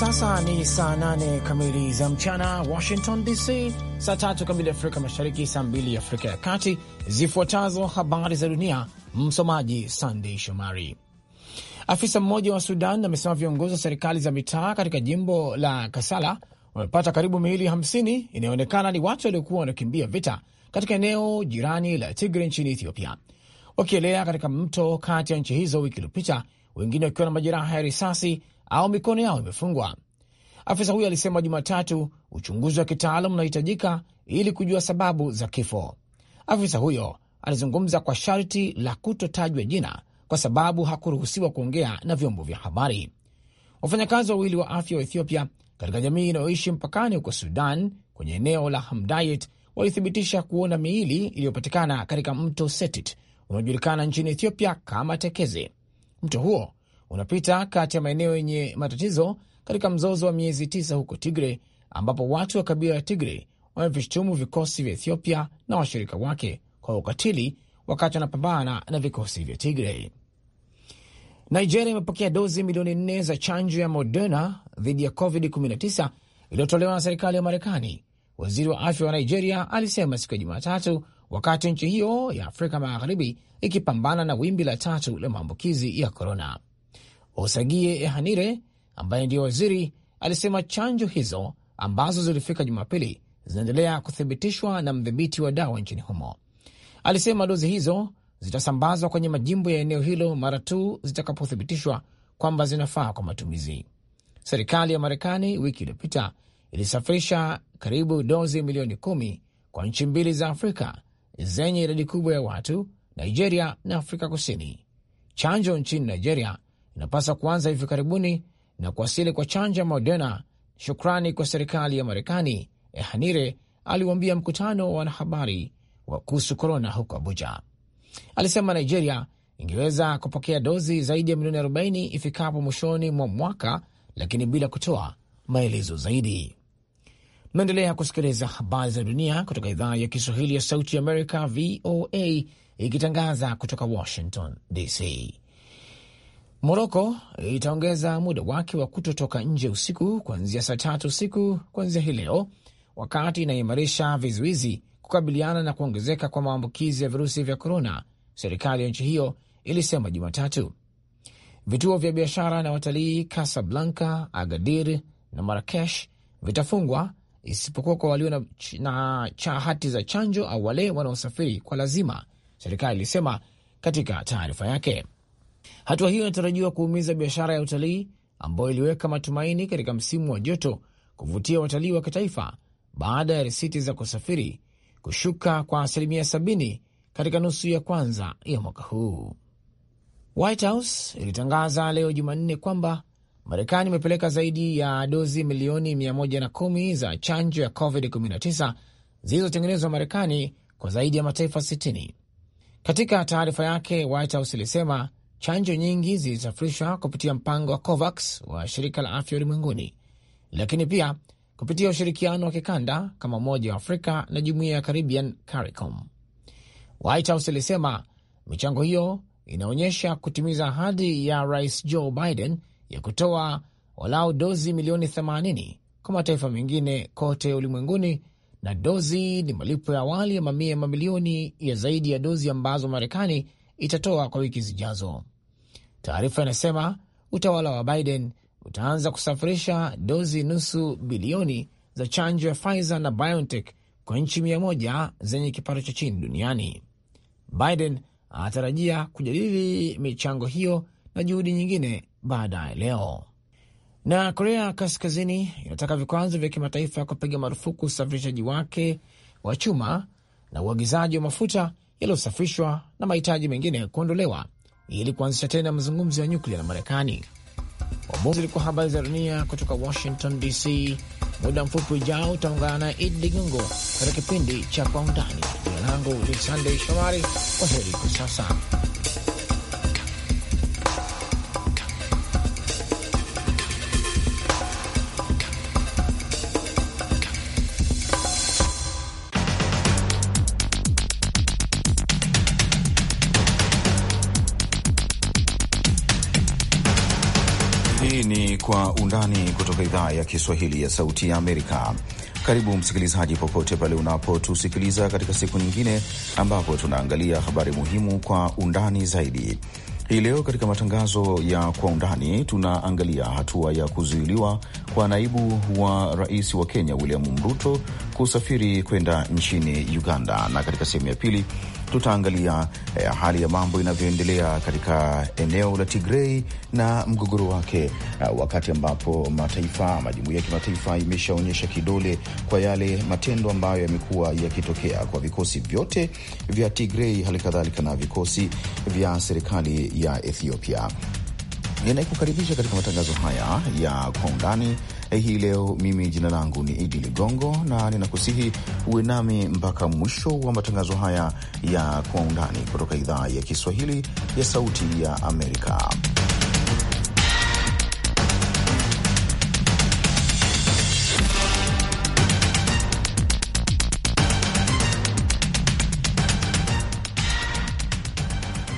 Sasa ni saa nane kamili za mchana Washington DC, saa tatu kamili Afrika Mashariki, saa mbili Afrika ya Kati. Zifuatazo habari za dunia, msomaji Sandey Shomari. Afisa mmoja wa Sudan amesema viongozi wa serikali za mitaa katika jimbo la Kasala wamepata karibu miili 50 inayoonekana ni watu waliokuwa wanakimbia vita katika eneo jirani la Tigre nchini Ethiopia, wakielea katika mto kati ya nchi hizo wiki iliyopita, wengine wakiwa na majeraha ya risasi au mikono yao imefungwa. Afisa huyo alisema Jumatatu uchunguzi wa kitaalam unahitajika ili kujua sababu za kifo. Afisa huyo alizungumza kwa sharti la kutotajwa jina kwa sababu hakuruhusiwa kuongea na vyombo vya habari. Wafanyakazi wawili wa afya wa Ethiopia katika jamii inayoishi mpakani huko Sudan kwenye eneo la Hamdayet walithibitisha kuona miili iliyopatikana katika mto Setit unaojulikana nchini Ethiopia kama Tekeze. Mto huo unapita kati ya maeneo yenye matatizo katika mzozo wa miezi tisa huko Tigre, ambapo watu wa kabila la Tigre wamevishutumu vikosi vya Ethiopia na washirika wake kwa ukatili wakati wanapambana na vikosi vya Tigre. Nigeria imepokea dozi milioni nne za chanjo ya Moderna dhidi ya COVID-19 iliyotolewa na serikali ya Marekani. Waziri wa afya wa Nigeria alisema siku ya Jumatatu, wakati nchi hiyo ya Afrika Magharibi ikipambana na wimbi la tatu la maambukizi ya korona. Osagie Ehanire ambaye ndiye waziri alisema chanjo hizo ambazo zilifika Jumapili zinaendelea kuthibitishwa na mdhibiti wa dawa nchini humo. Alisema dozi hizo zitasambazwa kwenye majimbo ya eneo hilo mara tu zitakapothibitishwa kwamba zinafaa kwa matumizi. Serikali ya Marekani wiki iliyopita ilisafirisha karibu dozi milioni kumi kwa nchi mbili za Afrika zenye idadi kubwa ya watu, Nigeria na Afrika Kusini. Chanjo nchini Nigeria inapaswa kuanza hivi karibuni na kuwasili kwa chanja Moderna. Shukrani kwa serikali ya Marekani, Ehanire aliwaambia mkutano wa wanahabari wa kuhusu korona huko Abuja. Alisema Nigeria ingeweza kupokea dozi zaidi ya milioni 40 ifikapo mwishoni mwa mwaka, lakini bila kutoa maelezo zaidi. Naendelea kusikiliza habari za dunia kutoka idhaa ya Kiswahili ya Sauti ya Amerika, VOA, ikitangaza kutoka Washington DC. Moroko eh, itaongeza muda wake wa kutotoka nje usiku kuanzia saa tatu usiku kuanzia hii leo, wakati inaimarisha vizuizi kukabiliana na kuongezeka kwa maambukizi ya virusi vya korona, serikali ya nchi hiyo ilisema Jumatatu. Vituo vya biashara na watalii Casablanca, Agadir na Marakesh vitafungwa isipokuwa kwa walio na, na cha hati za chanjo au wale wanaosafiri kwa lazima, serikali ilisema katika taarifa yake. Hatua hiyo inatarajiwa kuumiza biashara ya utalii ambayo iliweka matumaini katika msimu wa joto kuvutia watalii wa kitaifa baada ya risiti za kusafiri kushuka kwa asilimia sabini katika nusu ya kwanza ya mwaka huu. White House ilitangaza leo Jumanne kwamba Marekani imepeleka zaidi ya dozi milioni 110 za chanjo ya COVID-19 zilizotengenezwa Marekani kwa zaidi ya mataifa 60. Katika taarifa yake, White House ilisema Chanjo nyingi zilisafirishwa kupitia mpango wa COVAX wa shirika la afya ulimwenguni, lakini pia kupitia ushirikiano wa kikanda kama Umoja wa Afrika na jumuiya ya Caribbean, CARICOM. White House ilisema michango hiyo inaonyesha kutimiza ahadi ya Rais Joe Biden ya kutoa walau dozi milioni 80 kwa mataifa mengine kote ulimwenguni, na dozi ni malipo ya awali ya mamia ya mamilioni ya zaidi ya dozi ambazo Marekani itatoa kwa wiki zijazo. Taarifa inasema utawala wa Biden utaanza kusafirisha dozi nusu bilioni za chanjo ya Pfizer na BioNTech kwa nchi mia moja zenye kipato cha chini duniani. Biden anatarajia kujadili michango hiyo na juhudi nyingine baadaye leo. Na Korea Kaskazini inataka vikwazo vya kimataifa kupiga marufuku usafirishaji wake wa chuma na uagizaji wa mafuta yaliyosafishwa na mahitaji mengine kuondolewa ili kuanzisha tena mazungumzo ya nyuklia na Marekani. Wamuzi zilikuwa habari za dunia kutoka Washington DC. Muda mfupi ujao utaungana na Idi Ligongo katika kipindi cha kwa undani. Jina langu ni Sandey Shomari. Kwa heri kwa sasa. idhaa ya Kiswahili ya Sauti ya Amerika. Karibu msikilizaji, popote pale unapotusikiliza katika siku nyingine ambapo tunaangalia habari muhimu kwa undani zaidi. Hii leo katika matangazo ya kwa undani tunaangalia hatua ya kuzuiliwa kwa naibu wa rais wa Kenya William Ruto kusafiri kwenda nchini Uganda, na katika sehemu ya pili tutaangalia eh, hali ya mambo inavyoendelea katika eneo la Tigrei na mgogoro wake, uh, wakati ambapo mataifa ama ya kimataifa imeshaonyesha kidole kwa yale matendo ambayo yamekuwa yakitokea kwa vikosi vyote vya Tigrei, hali kadhalika na vikosi vya serikali ya Ethiopia. Ninayekukaribisha katika matangazo haya ya kwa undani Eh, hii leo. Mimi jina langu ni Idi Ligongo na ninakusihi uwe nami mpaka mwisho wa matangazo haya ya Kwa Undani kutoka idhaa ya Kiswahili ya Sauti ya Amerika.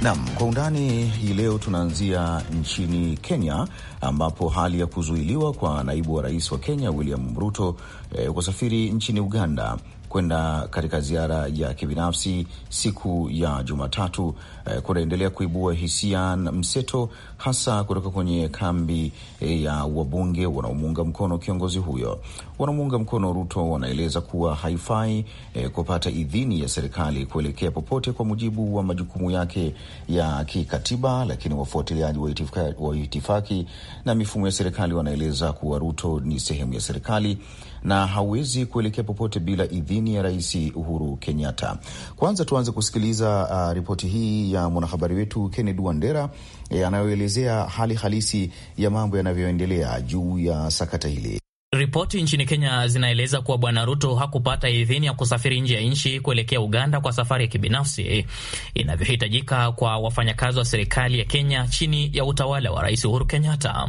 Nam kwa undani hii leo, tunaanzia nchini Kenya ambapo hali ya kuzuiliwa kwa naibu wa rais wa Kenya William Ruto eh, kusafiri nchini Uganda kwenda katika ziara ya kibinafsi siku ya Jumatatu eh, kunaendelea kuibua hisia na mseto hasa kutoka kwenye kambi eh, ya wabunge wanaomuunga mkono kiongozi huyo. Wanamuunga mkono Ruto wanaeleza kuwa haifai eh, kupata idhini ya serikali kuelekea popote kwa mujibu wa majukumu yake ya kikatiba, lakini wafuatiliaji wa itifaki, wa itifaki na mifumo ya serikali wanaeleza kuwa Ruto ni sehemu ya serikali na hauwezi kuelekea popote bila idhini ya Rais Uhuru Kenyatta. Kwanza tuanze kusikiliza uh, ripoti hii ya mwanahabari wetu Kennedy Wandera e, anayoelezea hali halisi ya mambo yanavyoendelea juu ya sakata hili. Ripoti nchini Kenya zinaeleza kuwa Bwana Ruto hakupata idhini ya kusafiri nje ya nchi kuelekea Uganda kwa safari ya kibinafsi inavyohitajika kwa wafanyakazi wa serikali ya Kenya chini ya utawala wa Rais Uhuru Kenyatta.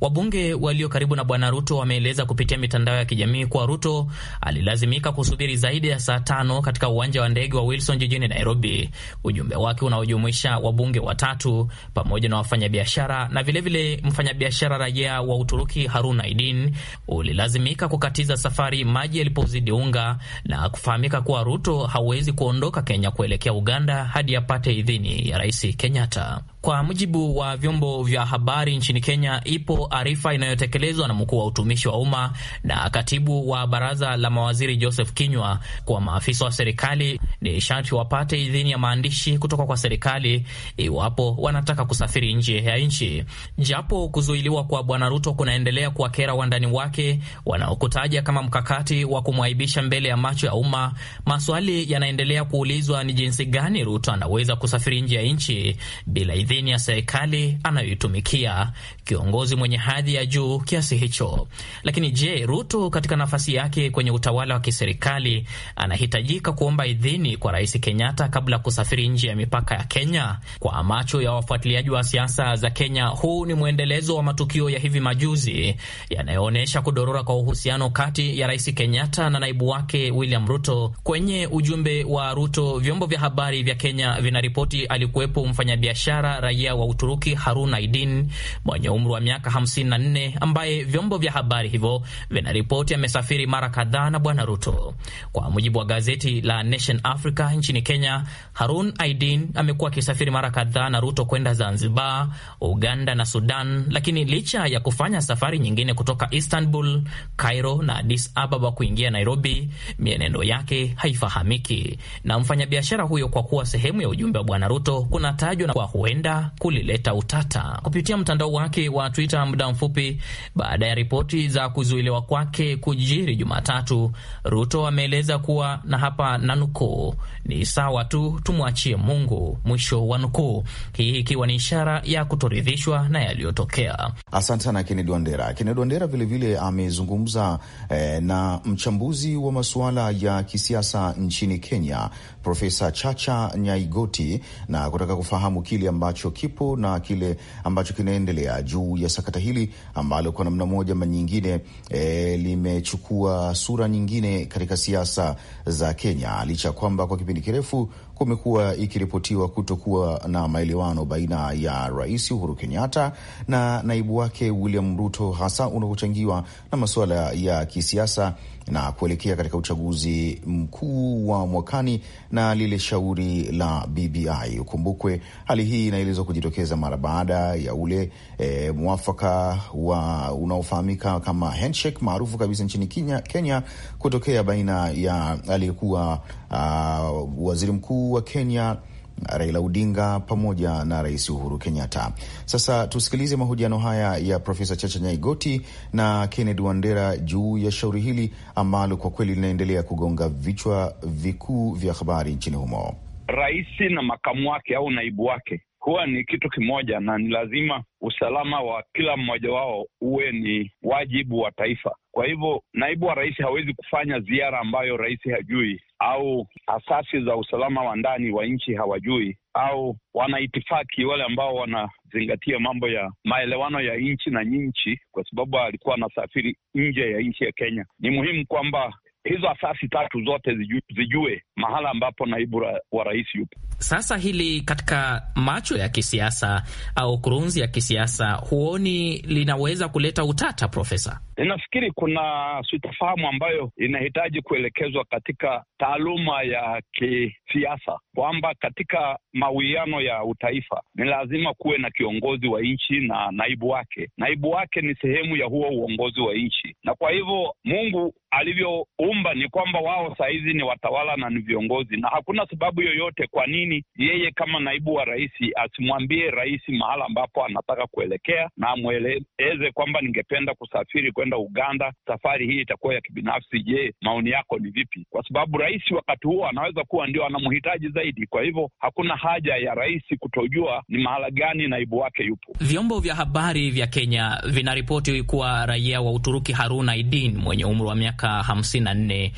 Wabunge walio karibu na Bwana Ruto wameeleza kupitia mitandao ya kijamii kuwa Ruto alilazimika kusubiri zaidi ya saa tano katika uwanja wa ndege wa Wilson jijini Nairobi. Ujumbe wake unaojumuisha wabunge watatu pamoja na wafanyabiashara na vilevile mfanyabiashara raia wa Uturuki Harun ulilazimika kukatiza safari maji yalipozidi unga na kufahamika kuwa Ruto hawezi kuondoka Kenya kuelekea Uganda hadi apate idhini ya Rais Kenyatta. Kwa mujibu wa vyombo vya habari nchini Kenya, ipo arifa inayotekelezwa na mkuu wa utumishi wa umma na katibu wa baraza la mawaziri Joseph kinywa kuwa maafisa wa serikali ni sharti wapate idhini ya maandishi kutoka kwa serikali iwapo wanataka kusafiri nje ya nchi. Japo kuzuiliwa kwa Bwana Ruto kunaendelea kuwakera wandani wake wanaokutaja kama mkakati wa kumwaibisha mbele ya macho ya umma, maswali yanaendelea kuulizwa ni jinsi gani Ruto anaweza kusafiri nje ya nchi bila idhini ya serikali anayoitumikia, kiongozi mwenye hadhi ya juu kiasi hicho. Lakini je, Ruto katika nafasi yake kwenye utawala wa kiserikali anahitajika kuomba idhini kwa Rais Kenyatta kabla ya kusafiri nje ya mipaka ya Kenya? Kwa macho ya wafuatiliaji wa siasa za Kenya, huu ni mwendelezo wa matukio ya hivi majuzi yanayoonyesha kudorora kwa uhusiano kati ya Rais Kenyatta na naibu wake William Ruto. Kwenye ujumbe wa Ruto, vyombo vya habari vya Kenya vinaripoti alikuwepo mfanyabiashara raia wa Uturuki Harun Aidin mwenye umri wa miaka 54 ambaye vyombo vya habari hivyo vinaripoti amesafiri mara kadhaa na Bwana Ruto. Kwa mujibu wa gazeti la Nation Africa nchini Kenya, Harun Aidin amekuwa akisafiri mara kadhaa na Ruto kwenda Zanzibar, Uganda na Sudan, lakini licha ya kufanya safari nyingine kutoka Istanbul Cairo na Addis Ababa kuingia Nairobi, mienendo yake haifahamiki na mfanyabiashara huyo, kwa kuwa sehemu ya ujumbe wa Bwana Ruto kunatajwa na kwa huenda kulileta utata. Kupitia mtandao wake wa Twitter muda mfupi baada ya ripoti za kuzuiliwa kwake kujiri Jumatatu, Ruto ameeleza kuwa na hapa na nukuu, ni sawa tu, tumwachie Mungu, mwisho wa nukuu, hii ikiwa ni ishara ya kutoridhishwa na yaliyotokea. Asante sana Kennedy Wandera. Kennedy Wandera vilevile ame amezungumza eh, na mchambuzi wa masuala ya kisiasa nchini Kenya Profesa Chacha Nyaigoti na kutaka kufahamu kile ambacho kipo na kile ambacho kinaendelea juu ya sakata hili ambalo kwa namna moja ama nyingine eh, limechukua sura nyingine katika siasa za Kenya licha ya kwamba kwa kipindi kirefu kumekuwa ikiripotiwa kutokuwa na maelewano baina ya Rais Uhuru Kenyatta na naibu wake William Ruto, hasa unaochangiwa na masuala ya kisiasa na kuelekea katika uchaguzi mkuu wa mwakani na lile shauri la BBI. Ukumbukwe hali hii inaelezwa kujitokeza mara baada ya ule e, mwafaka wa unaofahamika kama handshake maarufu kabisa nchini Kenya, Kenya kutokea baina ya aliyekuwa uh, waziri mkuu wa Kenya Raila Odinga pamoja na Rais Uhuru Kenyatta. Sasa tusikilize mahojiano haya ya Profesa Chacha Nyaigoti na kenned Wandera juu ya shauri hili ambalo kwa kweli linaendelea kugonga vichwa vikuu vya habari nchini humo. Rais na makamu wake au naibu wake huwa ni kitu kimoja, na ni lazima usalama wa kila mmoja wao uwe ni wajibu wa taifa. Kwa hivyo, naibu wa rais hawezi kufanya ziara ambayo rais hajui au asasi za usalama wa ndani wa nchi hawajui, au wanaitifaki wale ambao wanazingatia mambo ya maelewano ya nchi na nchi, kwa sababu alikuwa anasafiri nje ya nchi ya Kenya. Ni muhimu kwamba hizo asasi tatu zote zijue, zijue mahala ambapo naibu wa rais yupo. Sasa hili katika macho ya kisiasa au kurunzi ya kisiasa, huoni linaweza kuleta utata, Profesa? Ninafikiri kuna sitafahamu ambayo inahitaji kuelekezwa katika taaluma ya kisiasa, kwamba katika mawiano ya utaifa ni lazima kuwe na kiongozi wa nchi na naibu wake. Naibu wake ni sehemu ya huo uongozi wa nchi, na kwa hivyo Mungu alivyoumba ni kwamba wao sahizi ni watawala na ni viongozi, na hakuna sababu yoyote kwa nini yeye kama naibu wa rais asimwambie rais mahala ambapo anataka kuelekea na amweleze kwamba ningependa kusafiri kwenda Uganda, safari hii itakuwa ya kibinafsi, je, maoni yako ni vipi? Kwa sababu rais wakati huo anaweza kuwa ndio anamhitaji zaidi. Kwa hivyo hakuna haja ya rais kutojua ni mahala gani naibu wake yupo. Vyombo vya habari vya Kenya vinaripoti kuwa raia wa Uturuki Haruna Idin mwenye umri wa miaka 54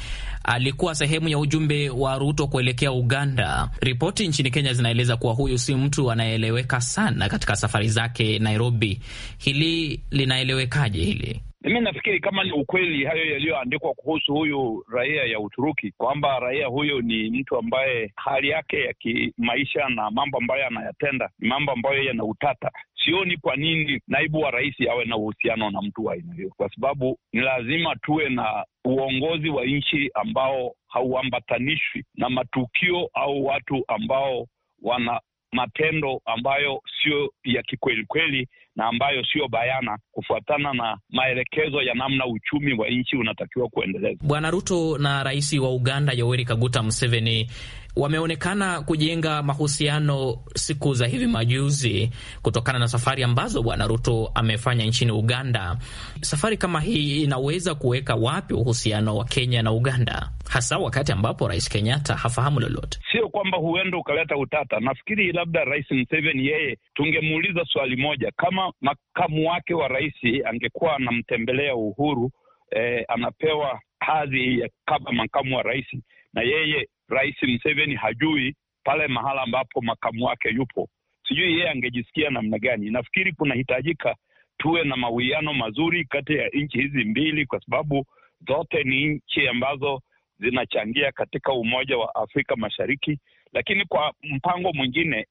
alikuwa sehemu ya ujumbe wa wa Ruto kuelekea Uganda. Ripoti nchini Kenya zinaeleza kuwa huyu si mtu anayeeleweka sana katika safari zake Nairobi. Hili linaelewekaje hili? mi nafikiri kama ni ukweli hayo yaliyoandikwa kuhusu huyu raia ya Uturuki, kwamba raia huyo ni mtu ambaye hali yake ya kimaisha na mambo ambayo anayatenda ni mambo ambayo yana utata. Sioni kwa nini naibu wa rais awe na uhusiano na mtu wa aina hiyo, kwa sababu ni lazima tuwe na uongozi wa nchi ambao hauambatanishwi na matukio au watu ambao wana matendo ambayo sio ya kikwelikweli na ambayo siyo bayana kufuatana na maelekezo ya namna uchumi wa nchi unatakiwa kuendeleza. Bwana Ruto na rais wa Uganda Yoweri Kaguta Museveni wameonekana kujenga mahusiano siku za hivi majuzi kutokana na safari ambazo bwana Ruto amefanya nchini Uganda. Safari kama hii inaweza kuweka wapi uhusiano wa Kenya na Uganda? hasa wakati ambapo Rais Kenyatta hafahamu lolote. Sio kwamba huenda ukaleta utata. Nafikiri labda Rais Museveni yeye tungemuuliza swali moja, kama makamu wake wa rais angekuwa anamtembelea Uhuru eh, anapewa hadhi ya kama makamu wa rais na yeye Rais Museveni hajui pale mahala ambapo makamu wake yupo, sijui yeye angejisikia namna gani. Nafikiri kunahitajika tuwe na mawiano mazuri kati ya nchi hizi mbili, kwa sababu zote ni nchi ambazo zinachangia katika umoja wa Afrika Mashariki, lakini kwa mpango mwingine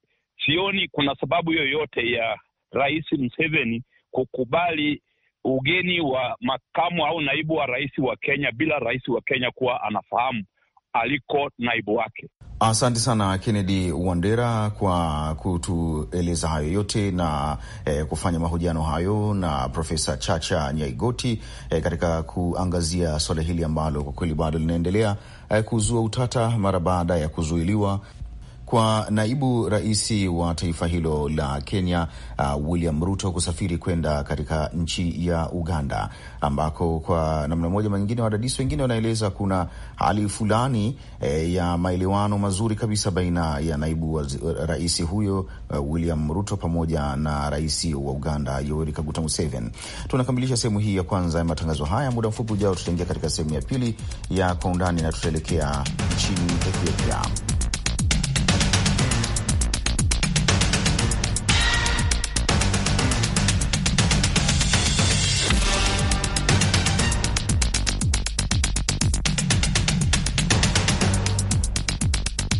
sioni kuna sababu yoyote ya Rais Museveni kukubali ugeni wa makamu au naibu wa rais wa Kenya bila rais wa Kenya kuwa anafahamu aliko naibu wake. Asante sana Kennedy Wandera kwa kutueleza hayo yote na eh, kufanya mahojiano hayo na Profesa Chacha Nyaigoti eh, katika kuangazia suala hili ambalo kwa kweli bado linaendelea eh, kuzua utata mara baada ya kuzuiliwa kwa naibu rais wa taifa hilo la Kenya uh, William Ruto kusafiri kwenda katika nchi ya Uganda, ambako kwa namna moja manyingine wadadisi wengine wanaeleza kuna hali fulani eh, ya maelewano mazuri kabisa baina ya naibu rais huyo uh, William Ruto pamoja na rais wa Uganda Yoweri Kaguta Museveni. Tunakamilisha sehemu hii ya kwanza ya matangazo haya. Muda mfupi ujao tutaingia katika sehemu ya pili ya kwa undani na tutaelekea nchini Ethiopia.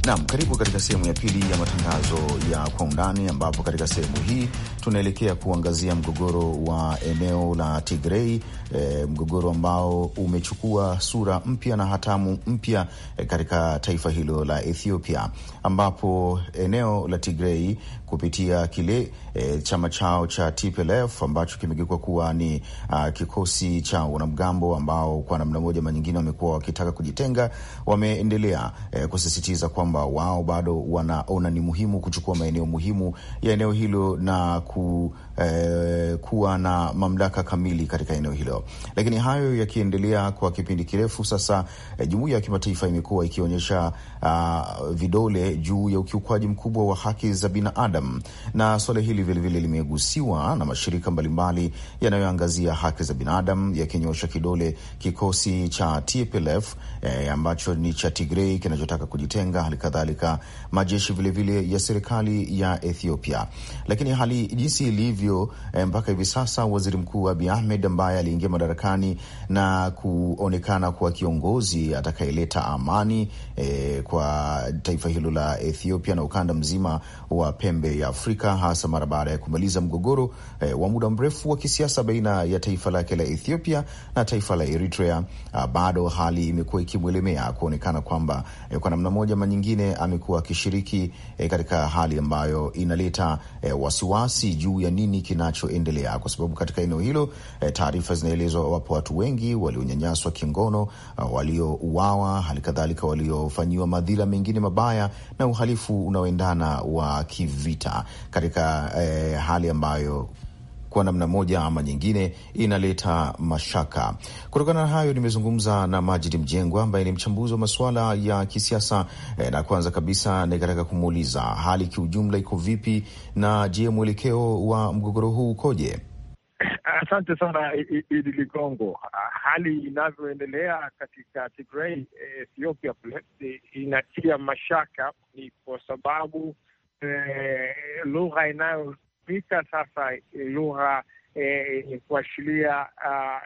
Naam, karibu katika sehemu ya pili ya matangazo ya kwa undani, ambapo katika sehemu hii tunaelekea kuangazia mgogoro wa eneo la Tigrei, e, mgogoro ambao umechukua sura mpya na hatamu mpya e, katika taifa hilo la Ethiopia, ambapo eneo la Tigrei kupitia kile e, chama chao cha TPLF ambacho kimegeuka kuwa ni a, ah, kikosi cha wanamgambo ambao kwa namna moja ama nyingine wamekuwa wakitaka kujitenga, wameendelea e, kusisitiza kwamba wao bado wanaona ni muhimu kuchukua maeneo muhimu ya eneo hilo na ku, eh, kuwa na mamlaka kamili katika eneo hilo. Lakini hayo yakiendelea kwa kipindi kirefu sasa, eh, jumuiya ya kimataifa imekuwa ikionyesha uh, vidole juu ya ukiukwaji mkubwa wa haki za binadamu, na suala hili vilevile limegusiwa na mashirika mbalimbali yanayoangazia haki za binadamu yakinyosha kidole kikosi cha TPLF eh, ambacho ni cha Tigrei kinachotaka kujitenga, hali kadhalika majeshi vilevile vile ya serikali ya Ethiopia. Lakini hali jinsi ilivyo eh, mpaka hivi sasa, waziri mkuu Abi Ahmed ambaye aliingia madarakani na kuonekana kuwa kiongozi atakayeleta amani eh, kwa taifa hilo la Ethiopia na ukanda mzima wa pembe ya Afrika, hasa mara baada ya kumaliza mgogoro eh, wa muda mrefu wa kisiasa baina ya taifa lake la Ethiopia na taifa la Eritrea. Ah, bado hali imekuwa ikimwelemea kuonekana kwamba eh, kwa namna moja ama nyingine amekuwa akishiriki eh, katika hali ambayo inaleta eh, wasiwasi juu ya nini kinachoendelea, kwa sababu katika eneo hilo eh, taarifa zinaelezwa wapo watu wengi walionyanyaswa kingono, ah, waliouawa, hali kadhalika waliofanyiwa madhila mengine mabaya na uhalifu unaoendana wa kivita katika eh, hali ambayo kwa namna moja ama nyingine inaleta mashaka. Kutokana na hayo, nimezungumza na Majidi Mjengwa ambaye ni mchambuzi wa masuala ya kisiasa eh, na kwanza kabisa nikataka kumuuliza hali kiujumla iko vipi, na je, mwelekeo wa mgogoro huu ukoje? Asante sana Idi Ligongo. Hali inavyoendelea katika Tigray, Ethiopia kule inatia mashaka, ni kwa sababu eh, lugha inayotumika sasa lugha yenye eh, kuashiria eh,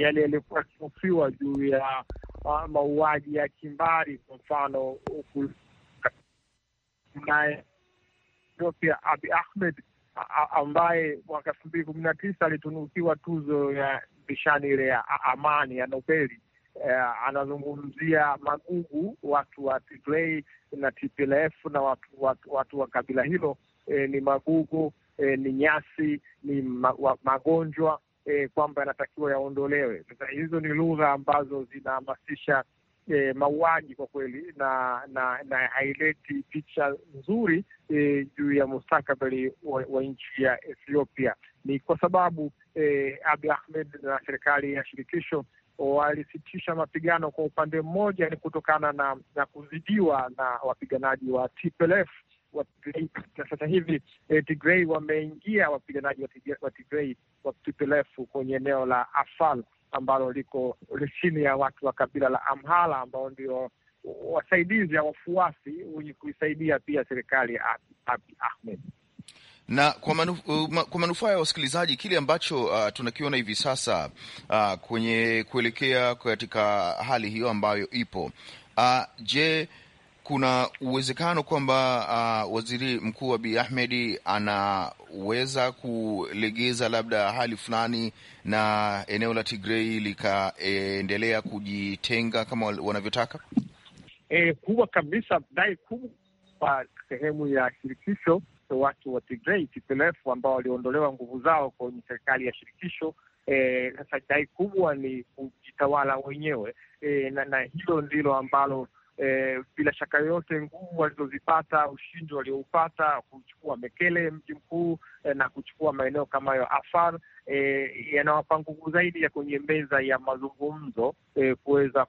yale yaliyokuwa yakihofiwa juu ya ah, mauaji ya kimbari, kwa mfano naye Ethiopia Abi Ahmed ambaye mwaka elfu mbili kumi na tisa alitunukiwa tuzo ya bishani ile ya amani ya Nobeli. Eh, anazungumzia magugu watu wa Tigrei na TPLF na watu, watu, watu wa kabila hilo eh, ni magugu eh, ni nyasi ni ma, wa, magonjwa eh, kwamba yanatakiwa yaondolewe. Sasa hizo ni lugha ambazo zinahamasisha e, mauaji kwa kweli na na, na haileti picha nzuri e, juu ya mustakabali wa, wa nchi ya Ethiopia. Ni kwa sababu e, Abiy Ahmed na serikali ya shirikisho walisitisha mapigano kwa upande mmoja, ni kutokana na, na kuzidiwa na wapiganaji wa TPLF na sasa hivi eh, Tigrei wameingia wapiganaji wa Tigrei wa TPLF kwenye eneo la Afal ambalo liko chini ya watu wa kabila la Amhala ambao ndio wasaidizi au wafuasi wenye kuisaidia pia serikali ya abi Ahmed na kwa manufaa ya wasikilizaji, kile ambacho uh, tunakiona hivi sasa uh, kwenye kuelekea katika hali hiyo ambayo ipo uh, je kuna uwezekano kwamba uh, waziri mkuu Abi ahmedi anaweza kulegeza labda hali fulani na eneo la Tigrei likaendelea kujitenga kama wanavyotaka? E, kubwa kabisa, dai kubwa kwa sehemu ya shirikisho watu wa Tigrei TPLF ambao waliondolewa nguvu zao kwenye serikali ya shirikisho. E, sasa e, dai kubwa ni kujitawala wenyewe e, na, na hilo ndilo ambalo E, bila shaka yoyote nguvu walizozipata, ushindi walioupata kuchukua Mekele, mji mkuu e, na kuchukua maeneo kama hayo Afar e, yanawapa nguvu zaidi ya kwenye meza ya mazungumzo e, kuweza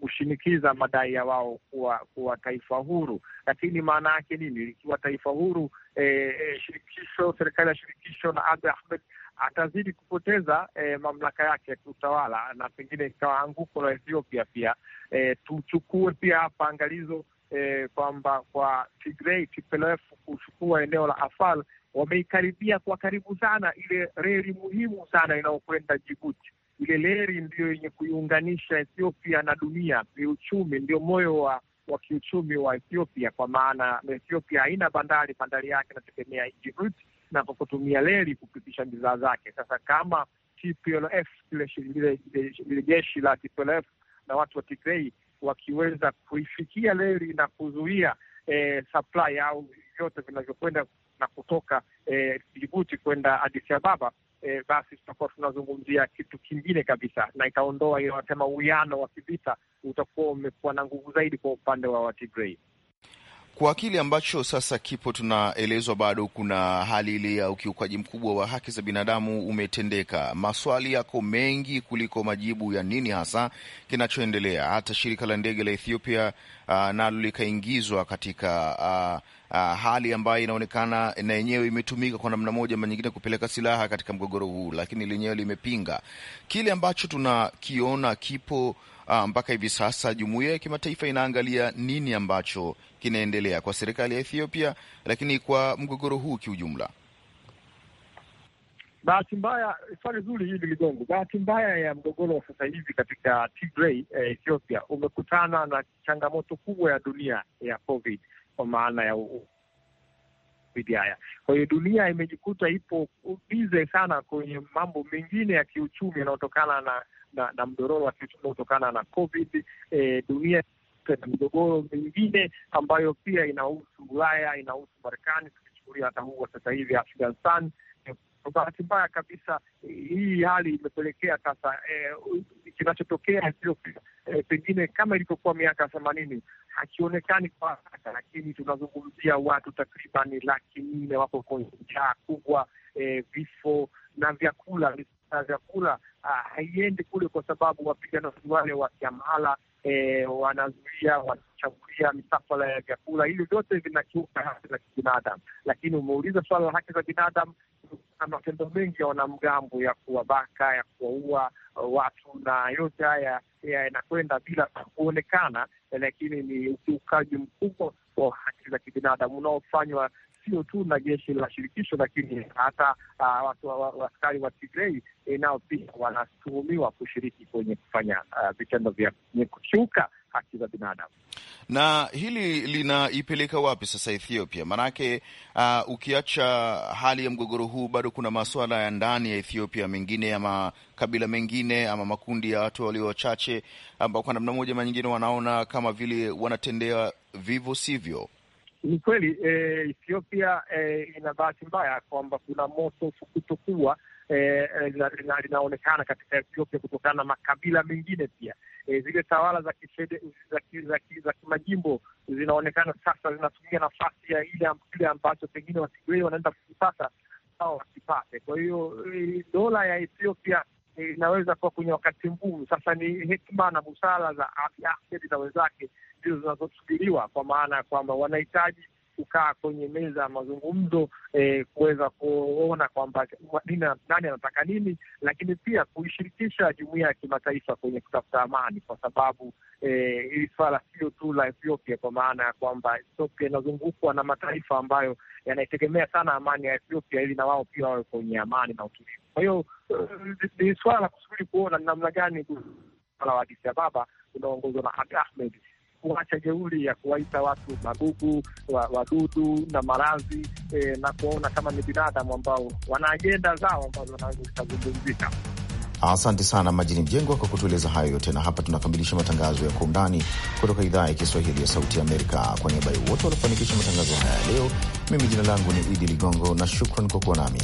kushinikiza madai ya wao kuwa, kuwa taifa huru. Lakini maana yake nini? ikiwa taifa huru eh, shirikisho, serikali ya shirikisho na Abiy Ahmed atazidi kupoteza eh, mamlaka yake ya kiutawala na pengine ikawa anguko la Ethiopia pia. Eh, tuchukue pia hapa angalizo eh, kwamba kwa Tigray TPLF kuchukua eneo la Afal wameikaribia kwa karibu sana ile reli muhimu sana inayokwenda Jibuti ile leri ndiyo yenye kuiunganisha Ethiopia na dunia kiuchumi, ndio moyo wa wa kiuchumi wa Ethiopia, kwa maana Ethiopia haina bandari, bandari yake inategemea Jibuti na kwa kutumia leri kupitisha bidhaa zake. Sasa kama TPLF lile jeshi la TPLF na watu wa Tigrei wakiweza kuifikia leri na kuzuia eh, supply au vyote vinavyokwenda na kutoka eh, Jibuti kwenda Addis Ababa e, basi tutakuwa tunazungumzia kitu kingine kabisa, na itaondoa ile wanasema uwiano wa kivita utakuwa umekuwa na nguvu zaidi kwa upande wa Watigrei. Kwa kile ambacho sasa kipo, tunaelezwa bado kuna hali ile ya ukiukaji mkubwa wa haki za binadamu umetendeka. Maswali yako mengi kuliko majibu ya nini hasa kinachoendelea. Hata shirika la ndege la Ethiopia uh, nalo likaingizwa katika uh, Uh, hali ambayo inaonekana na yenyewe imetumika kwa namna moja ama nyingine kupeleka silaha katika mgogoro huu, lakini lenyewe limepinga kile ambacho tunakiona kipo Ah, mpaka hivi sasa jumuiya ya kimataifa inaangalia nini ambacho kinaendelea kwa serikali ya Ethiopia, lakini kwa mgogoro huu kiujumla? Bahati mbaya, swali zuri hili Ligongo. Bahati mbaya ya mgogoro wa sasa hivi katika Tigray eh, Ethiopia umekutana na changamoto kubwa ya dunia ya COVID kwa maana ya u haya. Kwa hiyo dunia imejikuta ipo bize sana kwenye mambo mengine ya kiuchumi yanayotokana na na, na mdororo wa kiuchumi kutokana na COVID. E, dunia na migogoro mingine ambayo pia inahusu Ulaya, inahusu Marekani, tukichukulia hata huu wa sasa hivi Afghanistan. E, kwa bahati mbaya kabisa hii hali imepelekea sasa eh, kinachotokea Ethiopia eh, pengine kama ilivyokuwa miaka themanini hakionekani kwa haraka, lakini tunazungumzia watu takriban laki nne wako kwenye njaa kubwa eh, vifo na vyakula na vyakula ah, haiendi kule, kwa sababu wapiganaji wale wa Jamhala e, eh, wanazuia wanachagulia misafara ya vyakula. Hivi vyote vinakiuka haki za kibinadamu, lakini umeuliza swala la haki za binadamu na matendo mengi ya wanamgambo ya kuwabaka ya kuwaua eh, watu na yote haya eh, yanakwenda bila kuonekana, lakini ni ukiukaji mkubwa wa haki za kibinadamu unaofanywa sio tu na jeshi la shirikisho, lakini hata uh, askari wa Tigrei eh, nao pia wanatuhumiwa kushiriki kwenye kufanya ah, vitendo uh, vya kushuka haki za binadamu na hili linaipeleka wapi sasa Ethiopia? Maanake uh, ukiacha hali ya mgogoro huu, bado kuna maswala ya ndani ya Ethiopia mengine, ama kabila mengine, ama makundi ya watu walio wachache ambao kwa namna moja ama nyingine wanaona kama vile wanatendea vivyo sivyo. Ni kweli e, Ethiopia eh, ina bahati mbaya kwamba kuna moto kutokuwa e, linaonekana eh, katika Ethiopia kutokana na makabila mengine pia eh, zile tawala za kifede, za kimajimbo zinaonekana sasa zinatumia nafasi ya ile kile ambacho pengine watu wanaenda kukipata au wasipate. Kwa hiyo e, dola ya Ethiopia Eh, inaweza kuwa kwenye wakati mgumu. Sasa ni hekima na busara za Afya Ahmed na wenzake ndizo zinazosubiriwa, kwa maana ya kwamba wanahitaji kukaa kwenye meza ya mazungumzo eh, kuweza kuona kwamba nani anataka nini, lakini pia kuishirikisha jumuia ya kimataifa kwenye kutafuta amani, kwa sababu e, hili eh, swala sio tu la Ethiopia, kwa maana ya kwamba Ethiopia inazungukwa na mataifa ambayo yanaitegemea sana amani ya Ethiopia ili na wao pia wawe kwenye amani na utulivu. Kwa hiyo e, ni swala la kusubiri kuona namna gani utawala Adis Ababa unaongozwa na Abi Ahmed kuacha jeuri ya kuwaita watu magugu, wadudu na maradhi e, na kuwaona kama ni binadamu ambao wana ajenda zao ambazo wanaweza zikazungumzika. Asante sana Majini Mjengwa kwa kutueleza hayo yote, na hapa tunakamilisha matangazo ya Kwa Undani kutoka idhaa ya Kiswahili ya Sauti ya Amerika. Kwa niaba ya wote waliofanikisha matangazo haya leo, mimi jina langu ni Idi Ligongo na shukran kwa kuwa nami.